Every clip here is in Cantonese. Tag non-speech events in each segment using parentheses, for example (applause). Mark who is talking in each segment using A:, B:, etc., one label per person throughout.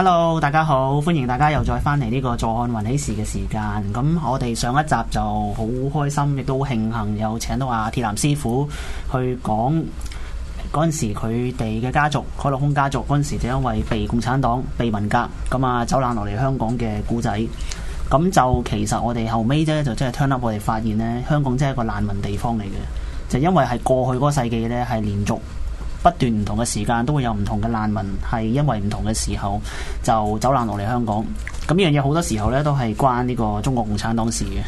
A: Hello，大家好，歡迎大家又再翻嚟呢個坐看雲起時嘅時間。咁我哋上一集就好開心，亦都好慶幸又請到阿鐵男師傅去講嗰陣時佢哋嘅家族，海陸空家族嗰陣時就因為被共產黨被文革，咁啊走難落嚟香港嘅古仔。咁就其實我哋後尾咧就真係聽得我哋發現呢，香港真係一個難民地方嚟嘅，就因為係過去嗰個世紀呢係連續。不斷唔同嘅時間都會有唔同嘅難民，係因為唔同嘅時候就走難落嚟香港。咁呢樣嘢好多時候咧都係關呢個中國共產黨事嘅。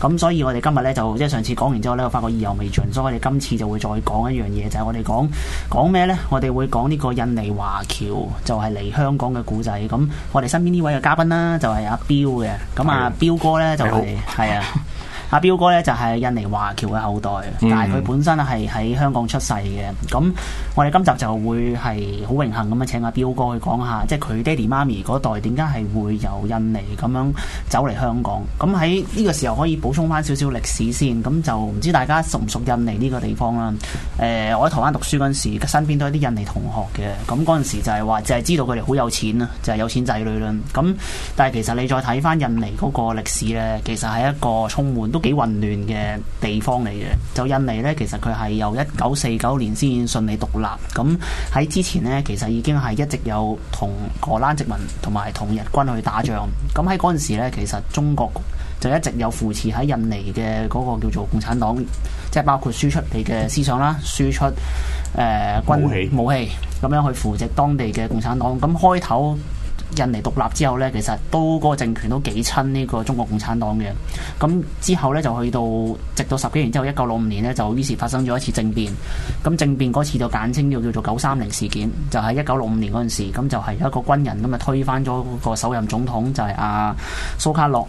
A: 咁所以我哋今日咧就即係上次講完之後咧，我發覺意猶未盡，所以我哋今次就會再講一樣嘢，就係、是、我哋講講咩呢？我哋會講呢個印尼華僑就係、是、嚟香港嘅古仔。咁我哋身邊呢位嘅嘉賓啦，就係、是、阿彪嘅。咁啊，彪哥呢，的就係係好啊。 (laughs) 阿、啊、彪哥咧就係、是、印尼華僑嘅後代，但係佢本身係喺香港出世嘅。咁我哋今集就會係好榮幸咁樣請阿、啊、彪哥去講下，即係佢爹哋媽咪嗰一代點解係會由印尼咁樣走嚟香港。咁喺呢個時候可以補充翻少少歷史先。咁就唔知大家熟唔熟印尼呢個地方啦？誒、呃、我喺台灣讀書嗰陣時，身邊都係啲印尼同學嘅。咁嗰陣時就係話就係、是、知道佢哋好有錢啊，就係、是、有錢仔女啦。咁但係其實你再睇翻印尼嗰個歷史咧，其實係一個充滿都～幾混亂嘅地方嚟嘅，就印尼呢。其實佢係由一九四九年先順利獨立。咁喺之前呢，其實已經係一直有同荷蘭殖民同埋同日軍去打仗。咁喺嗰陣時呢，其實中國就一直有扶持喺印尼嘅嗰個叫做共產黨，即係包括輸出你嘅思想啦，輸出誒、呃、軍武器，武器咁樣去扶植當地嘅共產黨。咁開頭。印尼獨立之後咧，其實都、嗰個政權都幾親呢個中國共產黨嘅。咁之後咧就去到直到十幾年之後，一九六五年咧就於是發生咗一次政變。咁政變嗰次就簡稱叫叫做九三零事件，就喺一九六五年嗰陣時，咁就係一個軍人咁啊推翻咗個首任總統就係、係、阿、啊、蘇卡諾，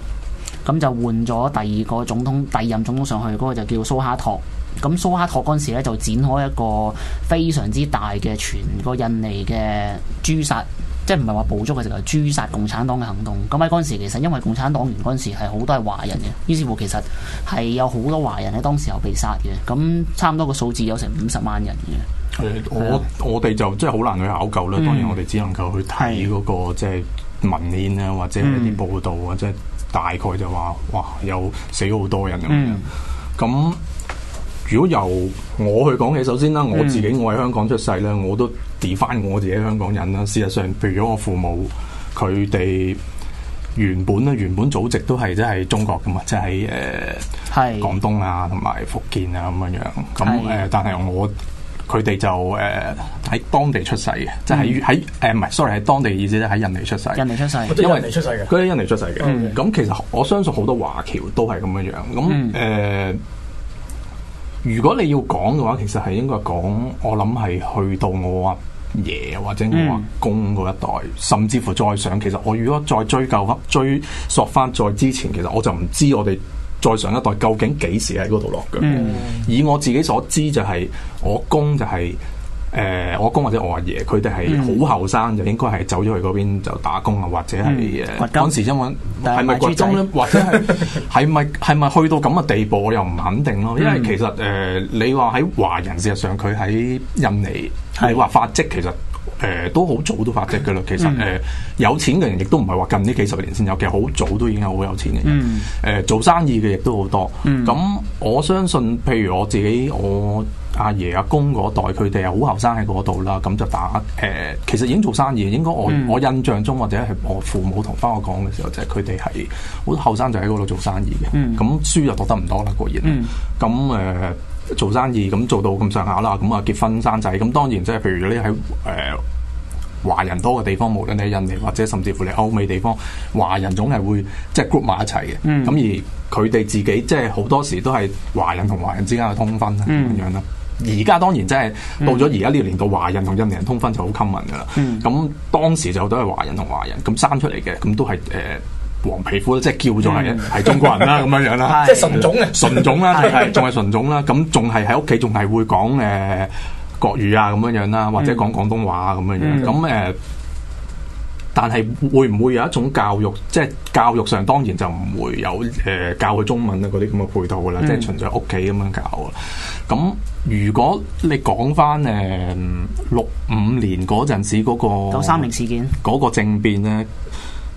A: 咁就換咗第二個總統、第二任總統上去，嗰、嗰個就叫蘇哈托。咁蘇哈托嗰陣時咧就展開一個非常之大嘅全個印尼嘅誅殺。即係唔係話捕捉嘅，就係誅殺共產黨嘅行動。咁喺嗰陣時，其實因為共產黨員嗰陣時係好多係華人嘅，於是乎其實係有好多華人喺當時候被殺嘅。咁差唔多個數字有成五十萬人嘅、
B: 嗯啊。我我哋就即係好難去考究啦。當然我哋只能夠去睇嗰、嗰個、嗯、即係文獻啊，或者係啲報道啊，即係、嗯、大概就話哇，有死好多人咁
A: 樣。
B: 咁、嗯如果由我去講起，首先啦，我自己我喺香港出世咧，嗯、我都 declare 翻我自己係香港人啦。事實上，譬如咗我父母佢哋原本咧，原本祖籍都係即係中國噶嘛，即係誒廣東啊，同埋福建啊咁樣樣。咁誒，但係我佢哋就誒喺當地出世嘅，即係喺誒唔係，sorry 喺當地意思咧喺印尼出世，印尼出世，因為印尼出世嘅佢喺印尼出世嘅。咁、嗯、其實我相信好多華僑都係咁樣樣。咁誒。嗯嗯嗯如果你要講嘅話，其實係應該講，我諗係去到我阿爺或者我阿公嗰一代，嗯、甚至乎再上，其實我如果再追究，追溯翻再之前，其實我就唔知我哋再上一代究竟幾時喺嗰度落腳。嗯、以我自己所知就係、是、我公就係、是。誒、呃、我公或者我阿爺，佢哋係好後生就應該係走咗去嗰邊就打工啊，或者係誒嗰陣時因為係咪或者係係咪係咪去到咁嘅地步，我又唔肯定咯。因為其實誒、呃、你話喺華人，事實上佢喺印尼係話的發跡其實。誒、呃、都好早都發跡嘅啦，其實誒、呃嗯、有錢嘅人亦都唔係話近呢幾十年先有，其實好早都已經係好有錢嘅人。誒、嗯呃、做生意嘅亦都好多。咁、嗯、我相信，譬如我自己，我阿爺阿公嗰代佢哋係好後生喺嗰度啦。咁就打誒，其實已經做生意。應該我、嗯、我印象中或者係我父母同翻我講嘅時候，就係佢哋係好後生就喺嗰度做生意嘅。咁書就讀得唔多啦，固然。咁誒、嗯嗯、做生意，咁做到咁上下啦，咁啊結婚生仔，咁當然即係譬如你喺誒。華人多嘅地方，無論你喺印尼或者甚至乎你歐美地方，華人總係會即係 group 埋一齊嘅。咁而佢哋自己即係好多時都係華人同華人之間嘅通婚啦咁樣啦。而家當然即係到咗而家呢一年度，華人同印尼人通婚就好 common 噶啦。咁當時就都係華人同華人咁生出嚟嘅，咁都係誒黃皮膚即係叫做係係中國人啦咁樣樣啦，即係純種嘅純種啦，係仲係純種啦，咁仲係喺屋企仲係會講誒。國語啊，咁樣樣啦，或者講廣東話啊，咁樣樣。咁誒、嗯呃，但係會唔會有一種教育，即係教育上，當然就唔會有誒、呃、教佢中文啊，嗰啲咁嘅配套啦，嗯、即係純粹屋企咁樣教啊。咁如果你講翻誒六五年嗰陣時嗰、嗰個九三零事件，嗰個政變咧，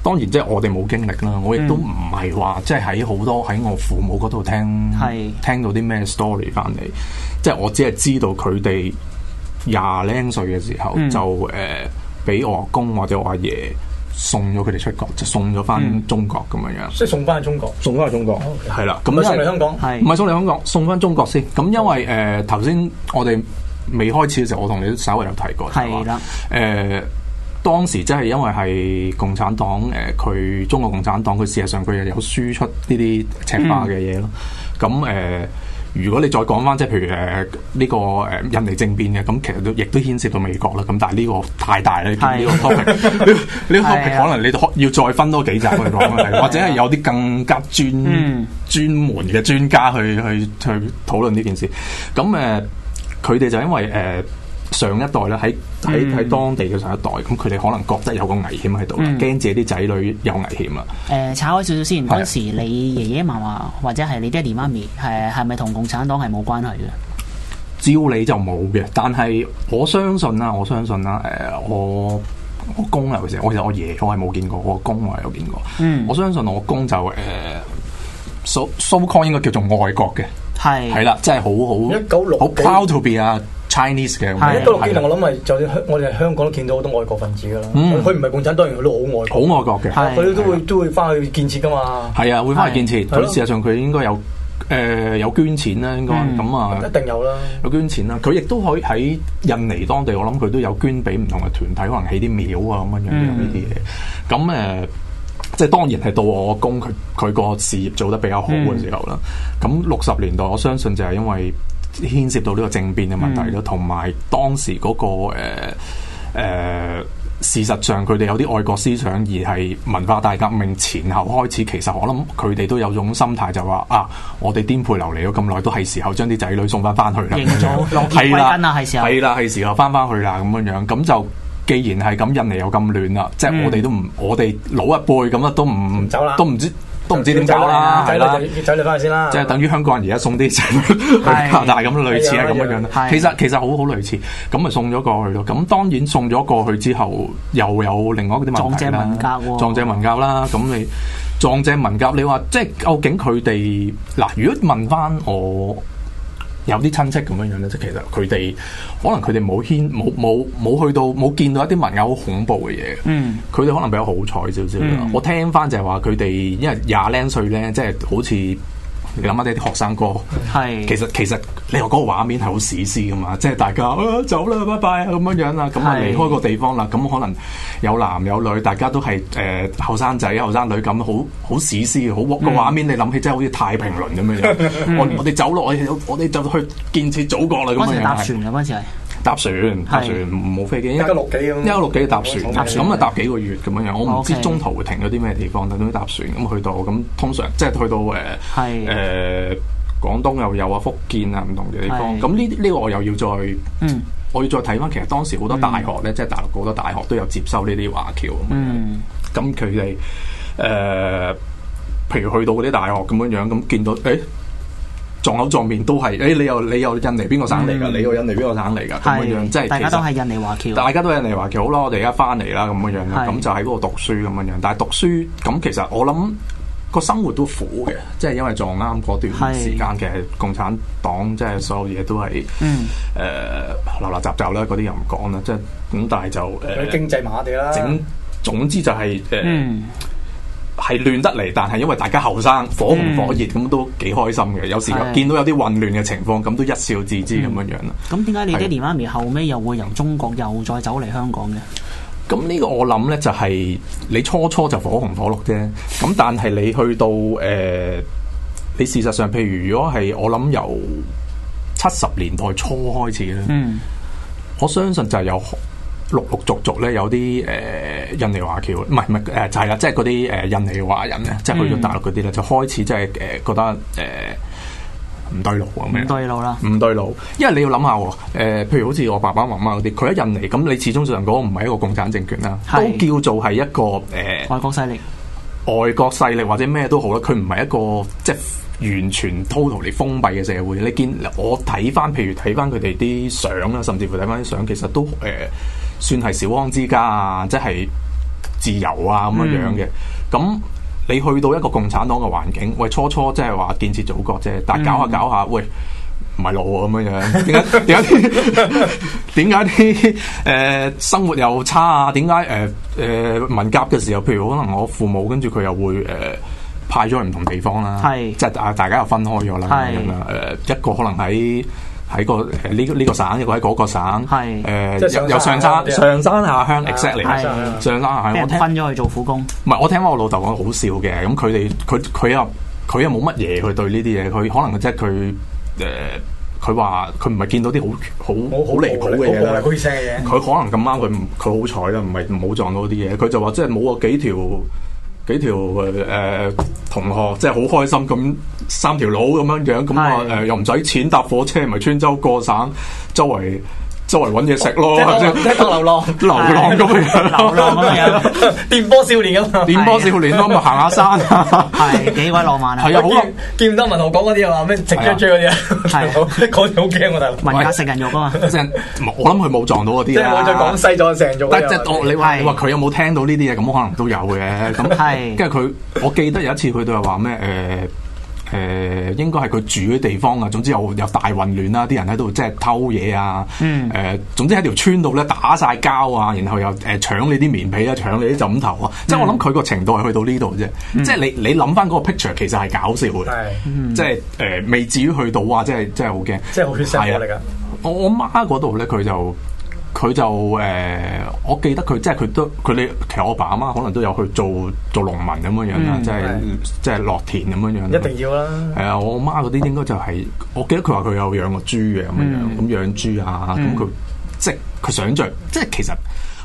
B: 當然即係我哋冇經歷啦，我亦都唔係話即係喺好多喺我父母嗰度聽，係是聽到啲咩 story 翻嚟，即係我只係知道佢哋。廿零歲嘅時候、嗯、就誒，俾、呃、我阿公或者我阿爺送咗佢哋出國，就送咗翻中國咁樣、嗯、樣，即係
C: 送翻中國，
B: 送翻中國係啦。咁即係唔係香港，唔係送嚟香港，送翻中國先。咁因為誒，頭、呃、先我哋未開始嘅時候，我同你都稍微有提過係啦。誒、呃，當時即係因為係共產黨，誒、呃，佢中國共產黨，佢事實上佢又有輸出呢啲赤化嘅嘢咯。咁誒、嗯。如果你再講翻，即係譬如誒呢、呃這個誒、呃、印尼政變嘅，咁、嗯、其實都亦都牽涉到美國啦。咁但係呢個太大啦，呢個 topic。呢呢、 (laughs) 這個， (laughs) 個可能你都要再分多幾集去講， (laughs) 或者係有啲更加專 (laughs) 專門嘅專家去 (laughs) 去去，去討論呢件事。咁、嗯、誒，佢哋就因為誒。呃上一代咧喺喺喺當地嘅上一代，咁佢哋可能覺得有個危險喺度，驚自己啲仔女有危險啊！誒、嗯，
A: 炒開少少先。當是的 時你爺爺嫲嫲或者係你爹哋媽咪，誒係咪同共產黨係冇關係嘅？
B: 照理就冇嘅，但係我相信啦，我相信啦。誒，我我,我公嘅時候，我其實我爺我係冇見過，我公我係有見過。嗯、我相信我公就誒 so so-called 應該叫做外國嘅，
A: 係係啦，
B: 真係好好一九六好 proud to be 啊！Chinese 嘅，一到我諗
C: 咪，就算香，我哋喺香港都見到好多外國分子噶啦。佢唔係共產黨員，當然佢都好愛，好
B: 愛國嘅。佢都會
C: 都會翻去建設噶嘛。係啊，會翻去建設。事實
B: 上佢應該有誒有捐錢啦，應該咁啊，一定有啦，有捐錢啦。佢亦都可以喺印尼當地，我諗佢都有捐俾唔同嘅團體，可能起啲廟啊咁樣嘅呢啲嘢。咁誒，即係當然係到我供佢佢個事業做得比較好嘅時候啦。咁六十年代，我相信就係因為。牽涉到呢個政變嘅問題咯，同埋、嗯、當時嗰、嗰個誒、呃呃、事實上佢哋有啲愛國思想，而係文化大革命前後開始。其實我諗佢哋都有種心態就，就話啊，我哋顛沛流離咗咁耐，都係時候將啲仔女送翻翻去啦。贏係啦，
A: 係了、啊、時候，係啦，
B: 係時候翻翻去啦。咁樣樣咁就，既然係咁，印尼有咁亂啦，即係我哋都唔，嗯、我哋老一輩咁啦，走走都唔走啦，都唔知。都唔知點搞啦，係啦，
C: 走吧你翻去先啦。即係
B: 等於香港人而家送啲錢去加拿大咁，是 (laughs) 類似係咁的的樣樣啦的的。其實其實好好類似，咁咪送咗過去咯。咁當然送咗過，過去之後，又有另外嗰啲問題撞正文革喎、啊，撞正文革啦、啊。咁你撞正文革， (laughs) 你話即係究竟佢哋嗱？如果問翻我？有啲親戚咁樣樣咧，即係其實佢哋可能佢哋冇牽冇冇冇去到冇見到一啲文友好恐怖嘅嘢，嗯，佢哋可能比較好彩少少。嗯、我聽翻就係話佢哋因為廿零歲咧，即係好似。你諗下你啲學生哥，
A: 係其
B: 實其實你話嗰個畫面係好史詩嘅嘛，即係大家啊走啦，拜拜咁樣樣啦，咁啊離開個地方啦，咁可能有男有女，大家都係誒後生仔後生女咁，好好史詩好好、嗰個畫面你諗起真係好似太平輪咁樣樣，嗯、我我哋走落去，我哋就去建設祖國啦咁樣樣。搭船，搭船冇飛機，一歐六幾咁，一六幾就搭船，咁啊搭幾個月咁樣樣，我唔知中途會停咗啲咩地方，等於搭船咁去到咁，通常即係去到誒誒廣東又有啊，福建啊唔同嘅地方，咁呢啲呢個我又要再我要再睇翻，其實當時好多大學咧，即係大陸好多大學都有接收呢啲華僑，咁佢哋誒譬如去到嗰啲大學咁樣樣，咁見到誒。撞口撞面都係，誒你又你又印尼邊個省嚟㗎？你又印尼邊個省嚟㗎？咁樣樣即係大家都係印尼華僑，大家都係印尼華僑，好啦，我哋而家翻嚟啦，咁樣樣，咁就喺嗰度讀書咁樣樣。但係讀書咁其實我諗個生活都苦嘅，即係因為撞啱嗰段時間嘅共產黨，即係所有嘢都係，誒拉拉雜雜啦，嗰啲又唔講啦，即係咁，但係就誒經濟麻麻地啦。整總之就係嗯。係亂得嚟，但係因為大家後生，火紅火熱，咁、嗯、都幾開心嘅。有時有是的見到有啲混亂嘅情況，咁都一笑置之咁樣咁樣啦。
A: 咁點解你爹哋媽咪後尾又會由中國又再走嚟香港嘅？
B: 咁呢、嗯、個我諗呢，就係、是、你初初就火紅火綠啫。咁但係你去到誒、呃，你事實上，譬如如果係我諗由七十年代初開始呢，
A: 嗯、
B: 我相信就係有。陸陸續續咧有啲誒印尼華僑，唔係唔係誒就係啦，即係嗰啲誒印尼華人咧，嗯、即係去咗大陸嗰啲咧，就開始即係誒覺得誒唔、呃、對路咁樣，唔對路啦、啊，唔對路，因為你要諗下喎、呃、譬如好似我爸爸媽媽嗰啲，佢喺印尼咁，你始終上講唔係一個共產政權啦，是都叫做係一個誒、呃、外國勢力、外國勢力或者咩都好啦，佢唔係一個即係完全 total 嚟封閉嘅社會，你見我睇翻譬如睇翻佢哋啲相啦，甚至乎睇翻啲相，其實都誒。呃呃算係小康之家啊，即係自由啊咁樣樣嘅。咁、嗯、你去到一個共產黨嘅環境，喂，初初即係話建設祖國啫，但係搞下搞下，喂，唔係路咁、啊、樣樣。點解點解？點解啲誒生活又差啊？點解誒誒文革嘅時候，譬如可能我父母跟住佢又會誒、呃、派咗去唔同地方啦、啊，即係啊大家又分開咗兩個人啦。係啊是，誒是、uh, 一個可能喺。喺個呢呢個省，或者嗰個省，誒、呃，即係有有上山，上山下鄉，exactly，上山下鄉，我聽
A: 分咗去做苦工。
B: 唔係，我聽我老豆講好笑嘅，咁佢哋佢佢啊，佢又冇乜嘢，佢對呢啲嘢，佢可能即係佢誒，佢話佢唔係見到啲好好好離譜嘅嘢，佢可能咁啱佢佢好彩啦，唔係唔好撞到啲嘢，佢就話即係冇個幾條。幾條誒誒同學，即係好開心咁，三條佬咁樣樣，咁啊誒又唔使錢搭火車，唔係穿州過省周圍。周圍揾嘢食咯，即係一個流
A: 浪，流浪咁樣，流浪
B: 咁樣，電波少年咁，電波少年咁咁行下山，係幾鬼浪漫啊！係啊，好啊，見唔到文豪講嗰啲啊，咩直追追嗰啲啊，係講好驚我大佬文家食人肉啊嘛，食人，我諗佢冇撞到啊啲啊，即係我再講細
C: 咗成咗。但即
B: 係你話你話佢有冇聽到呢啲嘢？咁可能都有嘅。咁係，跟住佢，我記得有一次佢到又話咩誒。誒、呃，應該係佢住嘅地方啊，總之有有大混亂啦，啲人喺度即係偷嘢啊，誒、嗯呃，總之喺條村度咧打晒交啊，然後又誒搶、呃、你啲棉被啊，搶你啲枕頭啊，嗯、即係我諗佢個程度係去到呢度啫，嗯、即係你你諗翻嗰個 picture 其實係搞笑嘅，嗯、即係誒、呃、未至於去到啊，即係真係好驚，即係好血腥嚟噶，我我媽嗰度咧佢就。佢就誒、呃，我記得佢即係佢都佢你，其實我阿爸阿媽可能都有去做做農民咁樣樣啦，嗯、即係、嗯、即係落田咁樣樣。一定要啦。係啊、呃，我阿媽嗰啲應該就係、是，我記得佢話佢有養過豬嘅咁樣，咁、嗯、養豬啊，咁佢、嗯嗯嗯、即係佢想像，即係其實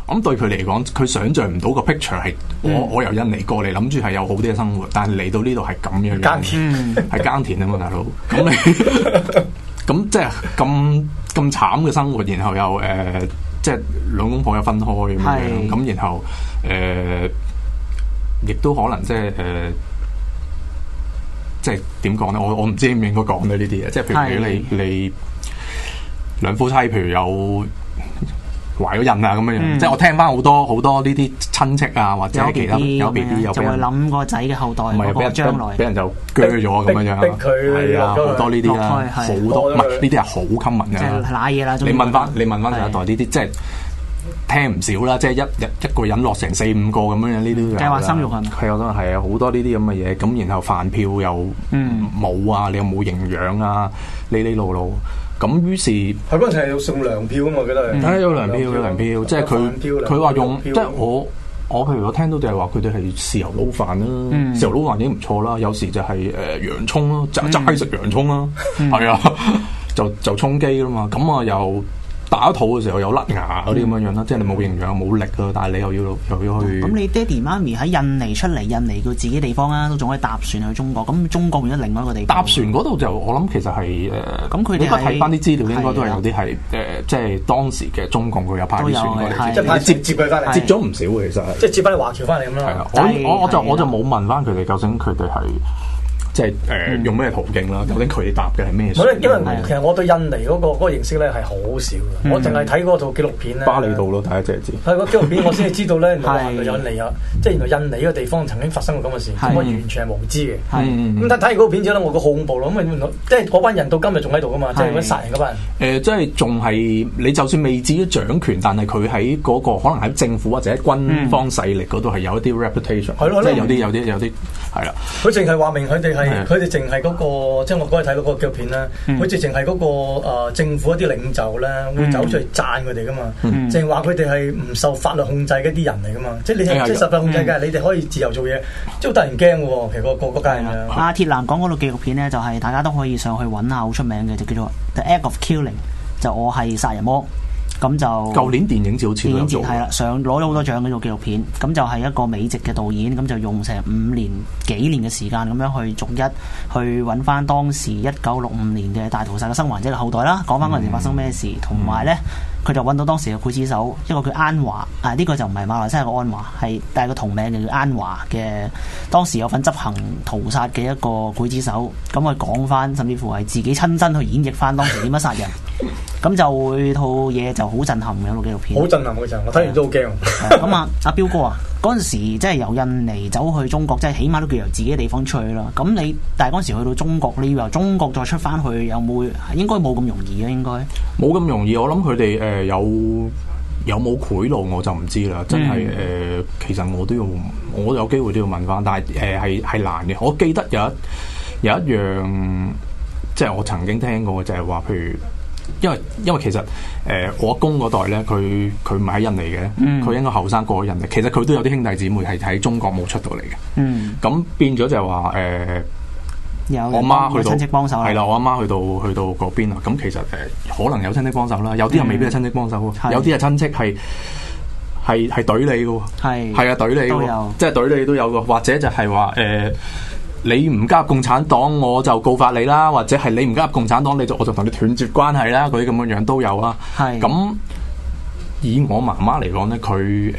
B: 咁對佢嚟講，佢想像唔到個 picture 係我、嗯、我由印尼過嚟，諗住係有好啲嘅生活，但係嚟到呢度係咁樣。耕田係耕田啊嘛，大佬。 (laughs) 咁你咁即係咁。咁慘嘅生活，然後又誒、呃，即係兩公婆又分開咁樣，咁是然後誒、呃，亦都可能即係誒，即係點講咧？我我唔知應唔應該講呢啲嘢，即係譬如你是你，你兩夫妻，譬如有。懷咗孕啊咁樣樣，即係我聽翻好多好多呢啲親戚啊，或者其他有 B B，就會諗
A: 個仔嘅後代，唔係俾人將來俾人
B: 就鋸咗咁樣樣，係啊好多呢啲啦，好多唔係
A: 呢啲係好 common 嘅嘢啦，你問翻
B: 你問翻下一代呢啲，即係聽唔少啦，即係一一個人落成四五個咁樣樣，呢啲計劃生育係啊，好多好多呢啲咁嘅嘢。咁然後飯票又冇啊，你又冇營養啊，呢呢路路。咁於是
C: 係嗰陣時係要送糧票啊嘛，我記得係。睇下有糧票，有糧
B: 票，糧票即係佢佢話用，票即係我我譬如我聽到就係話佢哋係豉油撈飯啦，豉、嗯、油撈飯已經唔錯啦，有時就係、是、誒、呃、洋葱咯，齋食洋葱啦，係、嗯、啊，嗯、 (laughs) 就就充機啦嘛，咁啊又。打肚嘅時候有甩牙嗰啲咁嘅樣啦，即係你冇營養冇力啊，但係你又要又要去。咁
A: 你爹哋媽咪喺印尼出嚟，印尼佢自己地方啊，都仲可以搭船去中國。咁中國變咗另外一個地方，搭船嗰度就我諗其實係誒，應該睇翻啲資料，應該都有啲
B: 係誒，即
A: 係當時
B: 嘅中共佢有派船過嚟，即係接接佢翻嚟，接咗唔少嘅其實，即
C: 係接翻你華僑翻嚟咁樣。係啦，我我我就我就
B: 冇問翻佢哋究竟佢哋係。誒，用咩途徑啦？究竟佢答嘅係咩？因為其實
C: 我對印尼嗰個嗰個認識咧係好少嘅，我淨係睇嗰套紀錄片咧。巴里
B: 度咯，大家淨係知。
C: 睇個紀錄片，我先係知道咧，原來印尼啊，即係原來印尼呢個地方曾經發生過咁嘅事，我完全係無知嘅。係咁睇睇完嗰個片之後我個好恐怖咯，咁咪即係嗰班人到今日仲喺度噶嘛？即係嗰班殺人嗰班。
B: 誒，即係仲係你就算未至於掌權，但係佢喺嗰個可能喺政府或者喺軍方勢力嗰度係有一啲 reputation，即係有啲有啲有啲係啦。佢淨係話明佢哋係。佢
C: 哋淨係嗰個，即係我嗰日睇到嗰個紀錄片啦。佢直情係嗰個、呃、政府一啲領袖咧，會走出嚟讚佢哋噶嘛，淨係話佢哋係唔受法律控制嘅一啲人嚟噶嘛，即係你係即係實際控制㗎， (music) 你哋可以自由做嘢，即係突然驚喎，其實、那個個國家係咪啊？阿
A: 鐵男講嗰套紀錄片咧、就是，就係大家都可以上去揾下，好出名嘅就叫做《The Act of Killing》，就我係殺人魔。咁就舊年電
B: 影,電影節好似啦，係啦，
A: 上攞咗好多獎嗰個紀錄片，咁就係一個美籍嘅導演，咁就用成五年幾年嘅時間咁樣去逐一去揾翻當時一九六五年嘅大屠殺嘅生還者嘅後代啦，講翻嗰陣時發生咩事，同埋、嗯嗯、呢，佢就揾到當時嘅劊子手，一個叫安華，啊呢、呢個就唔係馬來西亞嘅安華，係但係個同名嘅叫安華嘅，當時有份執行屠殺嘅一個劊子手，咁佢講翻，甚至乎係自己親身去演繹翻當時點樣殺人。 (laughs) 咁就會套嘢就好震撼嘅一部紀錄片，好震撼嘅。就我睇完都好
C: 驚。咁啊，
A: 阿彪哥啊，嗰陣時即係由印尼走去中國，即係起碼都叫由自己嘅地方出去啦。咁你但係嗰陣時去到中國，你要由中國再出翻去，有冇？應該冇咁容易啊。應該冇咁容易。我諗佢哋誒有
B: 有冇賄賂，我就唔知啦。真係誒，其實我都要我有機會都要問翻，但係誒係係難嘅。我記得有一有一樣即係我曾經聽過嘅，就係話譬如。因為因為其實誒、呃、我阿公嗰代咧，佢佢唔係喺印尼嘅，佢、嗯、應該後生過去印尼。其實佢都有啲兄弟姊妹係喺中國冇出到嚟嘅。咁變咗就話
A: 誒，我媽去到親戚幫手係啦，
B: 我阿媽去到去到嗰邊啊。咁其實誒、呃，可能有親戚幫手啦，有啲人未必係親戚幫手，嗯、有啲係親戚係係係懟你噶，係係啊懟你，即係懟你都有噶，或者就係話誒。呃你唔加入共產黨，我就告發你啦；或者係你唔加入共產黨，你就我就同你斷絕關係啦。嗰啲咁嘅樣都有啦。係咁是，以我媽媽嚟講咧，佢誒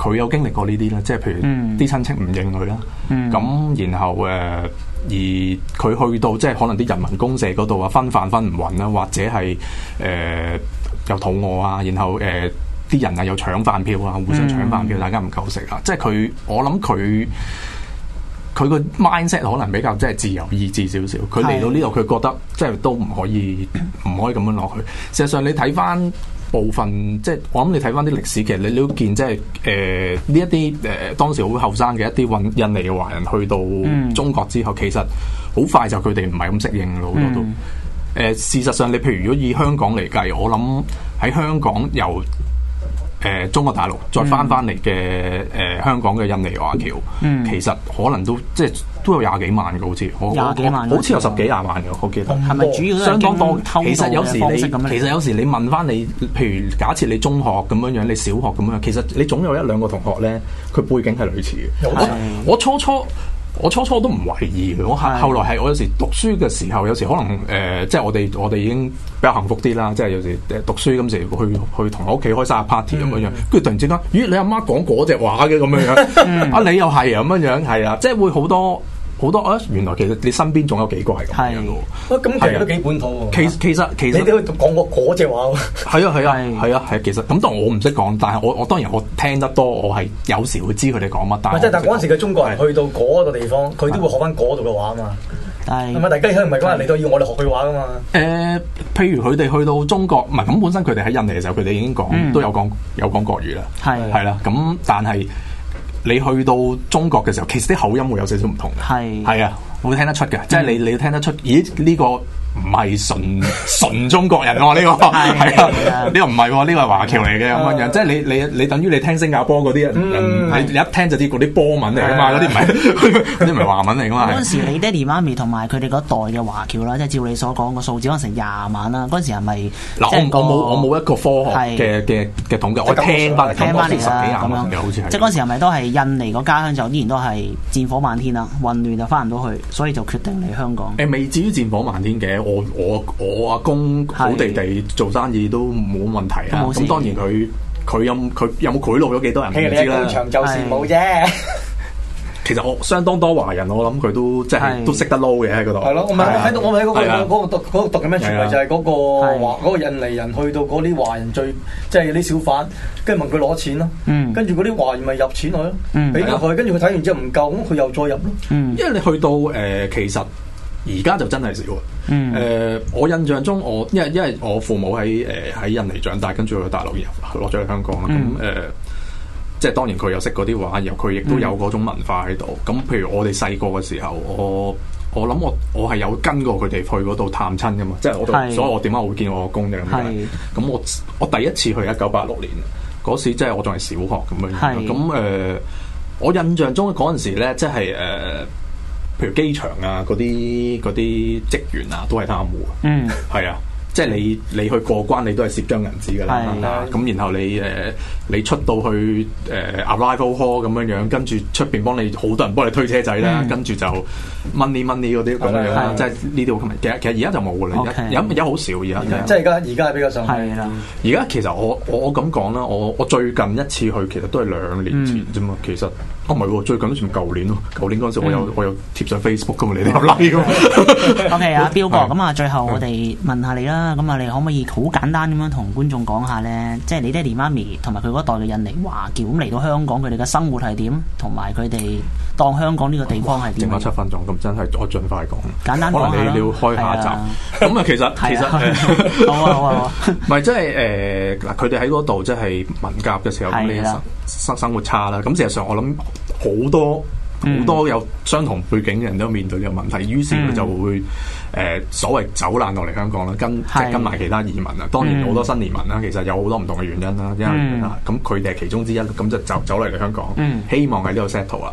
B: 佢有經歷過呢啲咧，即係譬如啲、嗯、親戚唔認佢啦。咁、嗯、然後誒、呃，而佢去到即係可能啲人民公社嗰度啊，分飯分唔穩唔勻啦，或者係誒、呃、又肚餓啊，然後誒啲、呃、人啊又搶飯票啊，互相搶飯票，大家唔夠食喇。即係佢，我諗佢。佢個 mindset 可能比較即係自由意志少少，佢嚟到呢度佢覺得即係都唔可以唔可以咁樣落去。事實上你睇翻部分即係我諗你睇翻啲歷史，其實你都見即係誒呢一啲誒當時好後生嘅一啲印印尼華人去到中國之後，其實好快就佢哋唔係咁適應咯，好多都。誒、嗯呃、事實上你譬如如果以香港嚟計，我諗喺香港由。誒、呃、中國大陸再翻翻嚟嘅誒香港嘅印尼華僑，嗯、其實可能都即係都有廿幾萬嘅，好似有廿幾萬，我好似有十幾廿萬嘅，我記得。係咪、嗯、主要香港當偷渡嘅方其實有時你問翻你，譬如假設你中學咁樣樣，你小學咁樣樣，其實你總有一兩個同學咧，佢背景係類似嘅的。我初初。我初初都唔懷疑嘅。我係後來係我有時讀書嘅時候，有時可能誒、呃，即係我哋我哋已經比較幸福啲啦，即係有時讀書咁時去去同我屋企開生日 party 咁樣、嗯、樣，跟住突然之間，咦你阿媽講嗰隻話嘅咁樣樣，嗯、 (laughs) 啊你又係咁樣樣，係啊，即係會好多。好多啊！原來其實你身邊仲有幾個係咁嘅喎，
C: 咁其實
B: 都幾本土喎。其其實其實
C: 你都講過嗰隻話喎。
B: 係啊係啊係啊係。其實咁當然我唔識講，但係我我當然我聽得多，我係有時會知佢哋講乜。但係即係，但嗰陣
C: 時嘅中國人去到嗰個地方，佢都會學翻嗰度嘅話嘛。係。咁啊，大家睇唔係嗰日嚟到要我哋學佢話噶嘛？
B: 誒，譬如佢哋去到中國，唔係咁本身佢哋喺印尼嘅時候，佢哋已經講都有講有講國語啦。係係啦，咁但係。你去到中國嘅時候，其實啲口音會有少少唔同嘅，係、係啊，會聽得出嘅，嗯、即係你你聽得出，咦呢個？唔係純純中國人喎，呢個係啊，呢個唔係喎，呢個係華僑嚟嘅咁樣，即係你你你等於你聽新加坡嗰啲人，係一聽就知嗰啲波文嚟啊嘛，嗰啲唔係，嗰啲唔係華文嚟啊嘛。嗰陣時，你爹
A: 哋媽咪同埋佢哋嗰代嘅華僑啦，即係照你所講個數字，可能成廿萬啦。嗰陣時係咪？嗱，我我冇我冇一個科學嘅
B: 嘅嘅統計，我聽翻嚟聽翻嚟啦，十幾廿萬嘅好似係。即係嗰
A: 陣時係咪都係印尼個家鄉就依然都係戰火漫天啦，混亂就翻唔到去，所以就決定嚟香港。未至於戰
B: 火漫天嘅。我我我阿公好地地做生意都冇問題啦。咁當然佢佢有佢有冇賄賂咗幾多人唔知啦。現場就羨慕啫。其實我相當多華人，我諗佢都即係都識得撈嘅嗰度。係咯，我咪喺度，我咪嗰度
C: 嗰個讀嗰個讀緊場就係嗰個華個印尼人去到嗰啲華人最即係啲小販，跟住問佢攞錢咯。跟住嗰啲華人咪入錢去咯。嗯，俾佢，跟住
B: 佢睇完之後唔夠，咁佢又再入咯。因為你去到誒，其實。而家就真係少誒！我印象中，我因為因為我父母喺誒喺印尼長大，跟住去大陸落咗去香港啦。咁誒，即係當然佢又識嗰啲話，然後佢亦都有嗰種文化喺度。咁譬如我哋細個嘅時候，我我諗我我係有跟過佢哋去嗰度探親嘅嘛。即係我，所以我點解會見我個公嘅？咁我我第一次去一九八六年嗰時，即係我仲係小學咁樣。咁誒，我印象中嗰陣時咧，即係誒。譬如機場啊，嗰啲啲職員啊，都係貪污。嗯，係啊，即係你你去過關，你都係攝張銀紙㗎啦。咁然後你誒你出到去誒 arrival hall 咁樣樣，跟住出邊幫你好多人幫你推車仔啦，跟住就 money money 嗰啲咁樣樣，即係呢啲好。其實其實而家就冇啦，而家而家好少而家。即係而
C: 家而家比較少。係啦。而
B: 家其實我我我咁講啦，我我最近一次去其實都係兩年前啫嘛，其實。唔係喎，最近都算舊年咯。舊年嗰陣時，我有、嗯、我有貼上 Facebook 噶、like、嘛，你哋有 like 噶嘛。O K，阿彪哥，咁啊
A: 的，最後我哋問下你啦。咁啊的，你可唔可以好簡單咁樣同觀眾講下咧？即、就、係、是、你爹哋媽咪同埋佢嗰代嘅印尼華僑咁嚟到香港，佢哋嘅生活係點？同埋佢哋當香港呢個地方係點？剩翻七分鐘，咁真係我盡快講。簡單啲啦。可能你要開
B: 下集。咁啊的，其實的其實啊是的， (laughs) (laughs) 好啊好啊，唔係 (laughs) (laughs) 即係誒嗱，佢哋喺嗰度即係文革嘅時候咁，的生活差啦。咁事實上，我諗。好多好多有相同背景嘅人都面對呢個問題，於是佢就會誒所謂走難落嚟香港啦，跟跟埋其他移民啦。當然好多新移民啦，其實有好多唔同嘅原因啦，因為咁佢哋係其中之一，咁就就走嚟嚟香港，希望喺呢個 settle 啊。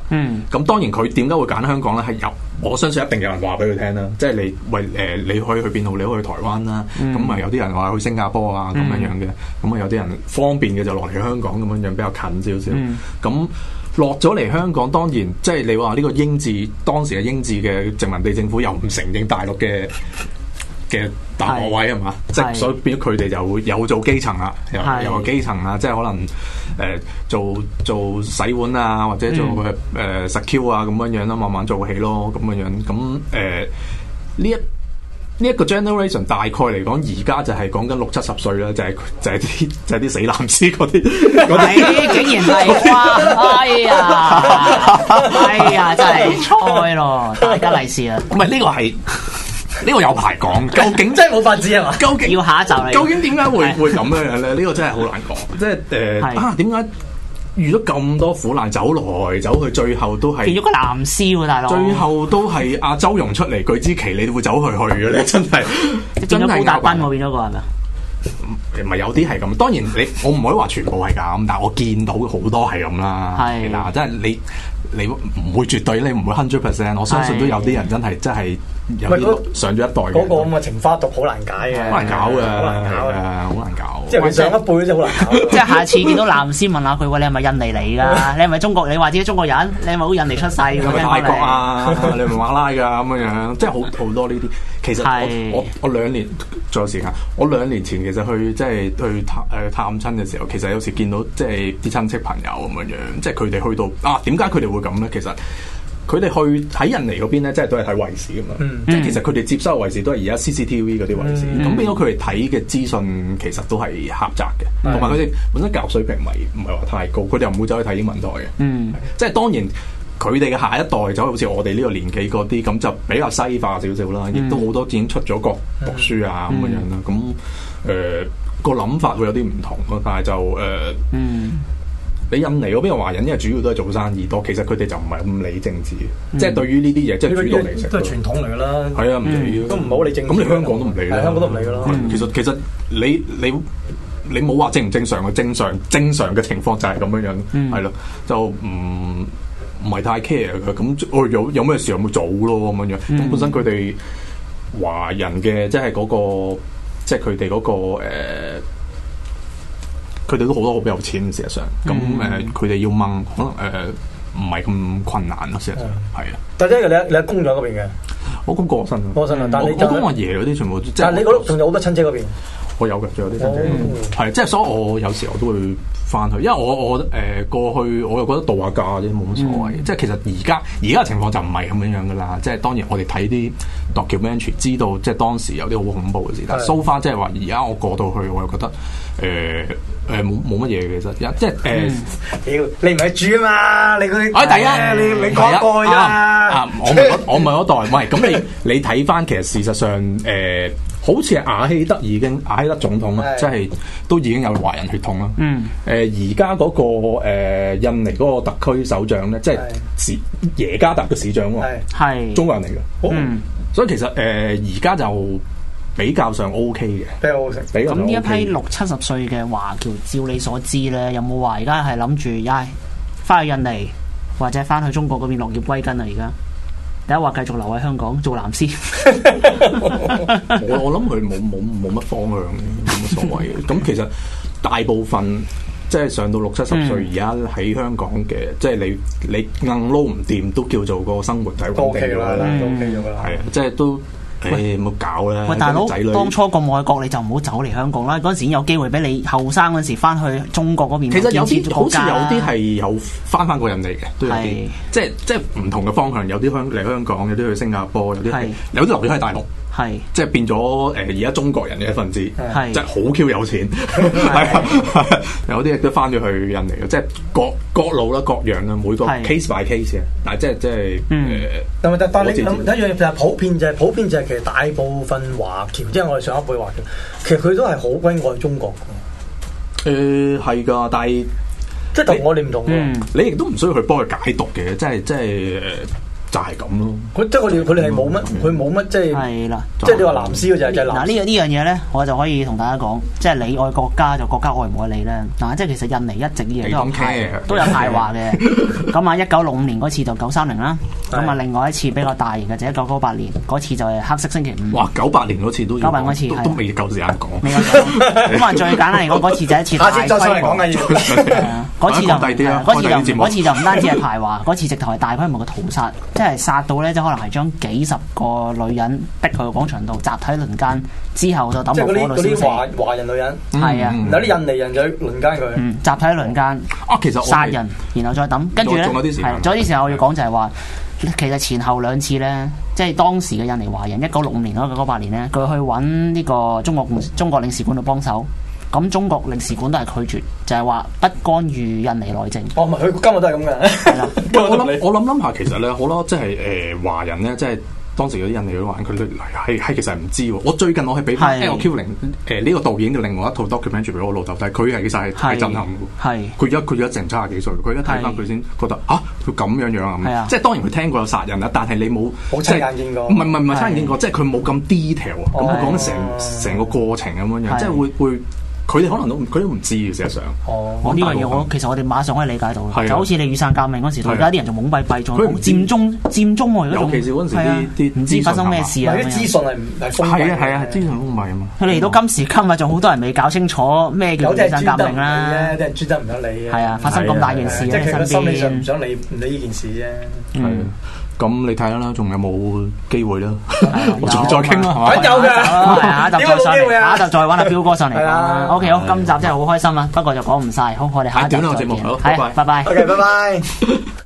B: 咁當然佢點解會揀香港咧？係有我相信一定有人話俾佢聽啦，即係你喂誒你可以去邊度？你都去台灣啦。咁啊有啲人話去新加坡啊咁樣樣嘅，咁啊有啲人方便嘅就落嚟香港咁樣樣比較近少少，咁。落咗嚟香港，當然即係你話呢個英治，當時嘅英治嘅殖民地政府又唔承認大陸嘅嘅大學位啊嘛，即係的的所以變咗佢哋就會有做基層啦的，有由基層啊，即係可能誒、呃、做做洗碗啊，或者做誒、嗯呃、secure 啊咁樣樣啦，慢慢做起咯，咁樣樣咁誒呢一。呢一個 generation 大概嚟講，而家就係講緊六七十歲啦，就係、是、就係、是、
A: 啲就係、是、啲死男子嗰啲，竟然係哇！哎呀，哎呀，真係衰咯，大家利來、這個、是啊！唔係呢個係
B: 呢個有排講，究竟真係冇法子啊！ (laughs) 究竟， (laughs) 究竟要下一集？究竟點解會 (laughs) 會咁樣咧？呢、這個真係好難講，即、就、係、是 uh, 是啊，點解？遇到咁多苦難，走來走去，最後都係，仲有個男屍喎，大佬。最後都係阿周融出嚟，巨資期你都會走去去嘅，你真係，
A: 變咗好大班，我變咗一個係
B: 咪？唔係有啲係咁，當然你我唔可以話全部係咁，但係我見到好多係咁啦。係嗱，真係你你唔會絕對，你唔會 hundred percent，我相信都有啲人真係真係有啲上咗一代嗰
C: 個咁嘅情花毒，好難解嘅，好難
B: 搞嘅，好難搞。即係上
A: 一輩咧就好難，即係下次見到男先問下佢，喂，你係咪印尼嚟噶？ (laughs) 你係咪中國？你話自己中國人，你係咪好印尼出世咁樣？泰國啊， (laughs) 你係馬
B: 拉噶咁樣樣，即係好好多呢啲。其實我我我兩年仲有時間，我兩年前其實去即係去探誒探親嘅時候，其實有時見到即係啲親戚朋友咁樣樣，即係佢哋去到啊，點解佢哋會咁咧？其實。佢哋去喺印尼嗰邊咧，即係都係睇衛視噶嘛，嗯、即係其實佢哋接收嘅衛視都係而家 CCTV 嗰啲衛視，咁、嗯、變咗佢哋睇嘅資訊其實都係狹窄嘅，同埋佢哋本身教育水平唔係唔係話太高，佢哋又唔會走去睇英文台嘅、嗯，即係當然佢哋嘅下一代就好似我哋呢個年紀嗰啲，咁就比較西化少少啦，亦、嗯、都好多已經出咗國讀書啊咁的、嗯、樣啦，咁、呃、誒個諗法會有啲唔同但係就誒、呃、嗯。你印尼嗰邊華人，因為主要都係做生意多，其實佢哋就唔係咁理政治、嗯、即係對於呢啲嘢，即係主要嚟食都係傳統嚟噶啦。係啊、嗯，唔主要都唔好理，嗯、理政。咁你香港都唔理啦，香港都唔理噶啦、嗯其。其實其實你你你冇話正唔正常啊？正常正常嘅情況就係咁樣樣，係、嗯、咯，就唔唔係太 care 佢。咁有有咩事有冇做咯咁樣樣。咁、嗯嗯、本身佢哋華人嘅即係嗰、嗰個，即係佢哋嗰個佢哋都好多好有錢，事實上，咁誒，佢哋要掹，可能誒唔係咁困難咯，事實上係啊。
C: 但係即係你你公廠嗰邊嘅，
B: 我咁過身啊，過身啊，但係你我講阿爺嗰啲全部，但係你嗰度仲有好多親戚嗰邊。我有嘅，仲有啲親戚。係，即係所以，我有時我都會翻去，因為我我誒過去，我又覺得度下假啫，冇乜所謂。即係其實而家而家嘅情況就唔係咁樣樣噶啦。即係當然，我哋睇啲 documentary 知道，即係當時有啲好恐怖嘅事。但係，so far，即係話而家我過到去，我又覺得誒誒冇冇乜嘢其實，即係誒，你唔係住啊嘛，你嗰啲。哎，第一，你你過一過去啫嘛。啊，我唔係我唔係嗰代。喂，咁你你睇翻其實事實上誒。好似係亞希德已經亞希德總統啦，的即係都已經有華人血統啦。嗯，誒而家嗰個、呃、印尼嗰個特區首長咧，即係耶加達嘅市長喎，係的中國人嚟嘅。嗯、哦，所以其實誒而家就比較上 O K 嘅，比較 O K。咁呢、OK、一批六
A: 七十歲嘅華僑，照你所知咧，有冇話而家係諗住又係翻去印尼或者翻去中國嗰邊落葉歸根啊？而家第一話繼續留喺香港做藍絲
B: (laughs) (laughs) ，
A: 我我諗
B: 佢冇冇冇乜方向嘅，冇乜所謂。咁其實大部分即係上到六七十歲，而家喺香港嘅，嗯、即係你你硬撈唔掂，都叫做個生活體 OK 啦，OK 嘅啦，係啊，即係都。誒，冇、欸、搞啦！喂，大佬，當初
A: 咁愛國你就唔好走嚟香港啦。嗰陣時有機會俾你後生嗰時翻去中國嗰邊建設國家啦。其實有啲，好似有啲係
B: 有翻翻過人嚟嘅，都有是 即係即係唔同嘅方向。有啲香嚟香港，有啲去新加坡，有啲是 有啲留咗喺大陸。.係，是即係變咗誒！而家中國人嘅一份子，是即係好 Q 有錢，係的 (laughs) 有啲亦都翻咗去印尼嘅，即係各各路啦、各樣啦，每個的 case by case 啊。嗱，即係即係誒，嗯呃、但係但係你諗
C: 一樣嘢就係普遍就係、是、普遍就係其實大部分華僑，即、就、係、是、我哋上一輩華僑，其實佢都係好鬼愛中國嘅。
B: 誒、呃，係噶，但係即係同我哋唔同咯。你，嗯、你亦都唔需要去幫佢解讀嘅，即係即係。即就係咁
C: 咯，佢即係佢哋佢哋係冇乜，佢冇乜即係，係啦，即係你話藍絲嘅就係就係。嗱呢樣呢樣
A: 嘢咧，我就可以同大家講，即係你愛國家就國家愛唔愛你啦。嗱，即係其實印尼一直嘅都有排，都有排華嘅。咁啊，一九六五年嗰次就九三零啦，咁啊，另外一次比較大型嘅就一九九八年嗰次就係黑色星期五。哇，
B: 九八年嗰次
A: 都九八年嗰次都
B: 未夠時間
A: 講，咁啊，最簡單嚟講嗰次就一次，下次再講緊。嗰次就低啲啦，嗰次就唔單止係排華，嗰次直頭係大規模嘅屠殺。即係殺到咧，就可能係將幾十個女人逼去個廣場度集體輪奸，之後就抌埋火爐燒死。即係嗰啲嗰啲
C: 華人女人，係啊，有啲印尼人就
A: 輪奸佢。嗯，集體輪奸。啊，其實殺人，然後再抌，跟住咧，係。仲有啲時候我要講就係話，其實前後兩次咧，即係當時嘅印尼華人，一九六五年嗰個、九八年咧，佢去揾呢個中國中國領事館度幫手。咁中國領事館都係拒絕，就係話不干預印尼內政。哦，唔係，佢今日都係咁嘅。係啦，我諗，我
B: 諗諗下，其實咧，好啦，即係誒華人咧，即係當時有啲印尼佬話，佢咧係係其實唔知喎。我最近我係俾即係我 Q 零誒呢個導演嘅另外一套 documentary 俾我老豆，但係佢係其實係係震撼佢而佢而家成差廿幾歲，佢而家睇翻佢先覺得啊，佢咁樣樣啊！即係當然佢聽過有殺人啦，但係你冇我親眼見過。唔係唔係唔係親眼見過，即係佢冇咁 detail。咁佢講成成個過程咁樣樣，即係會會。佢哋可能都佢都唔知，
A: 事實上。哦，呢樣嘢，我其實我哋馬上可以理解到就好似你雨傘革命嗰時，而家啲人就懵閉閉咗。佔中佔中嗰種，尤其是嗰陣時唔知發生咩事啊，啲資訊係係啊係啊資訊封閉啊嘛。佢嚟到今時今日仲好多人未搞清楚咩叫雨傘革命啦，啲人專登唔想
C: 理。係啊，發生咁大件事，即係佢心理上唔想理理呢件事啫。
B: 嗯。咁你睇啦啦，仲有冇機會啦？我仲再傾啦，係嘛？有嘅，吓，屌，冇機會，下一集再搵阿彪哥上嚟。係啦
A: ，OK，好，今集真係好開心啊！不過就講唔晒，好，我哋下集再見。係，拜拜。OK，
C: 拜拜。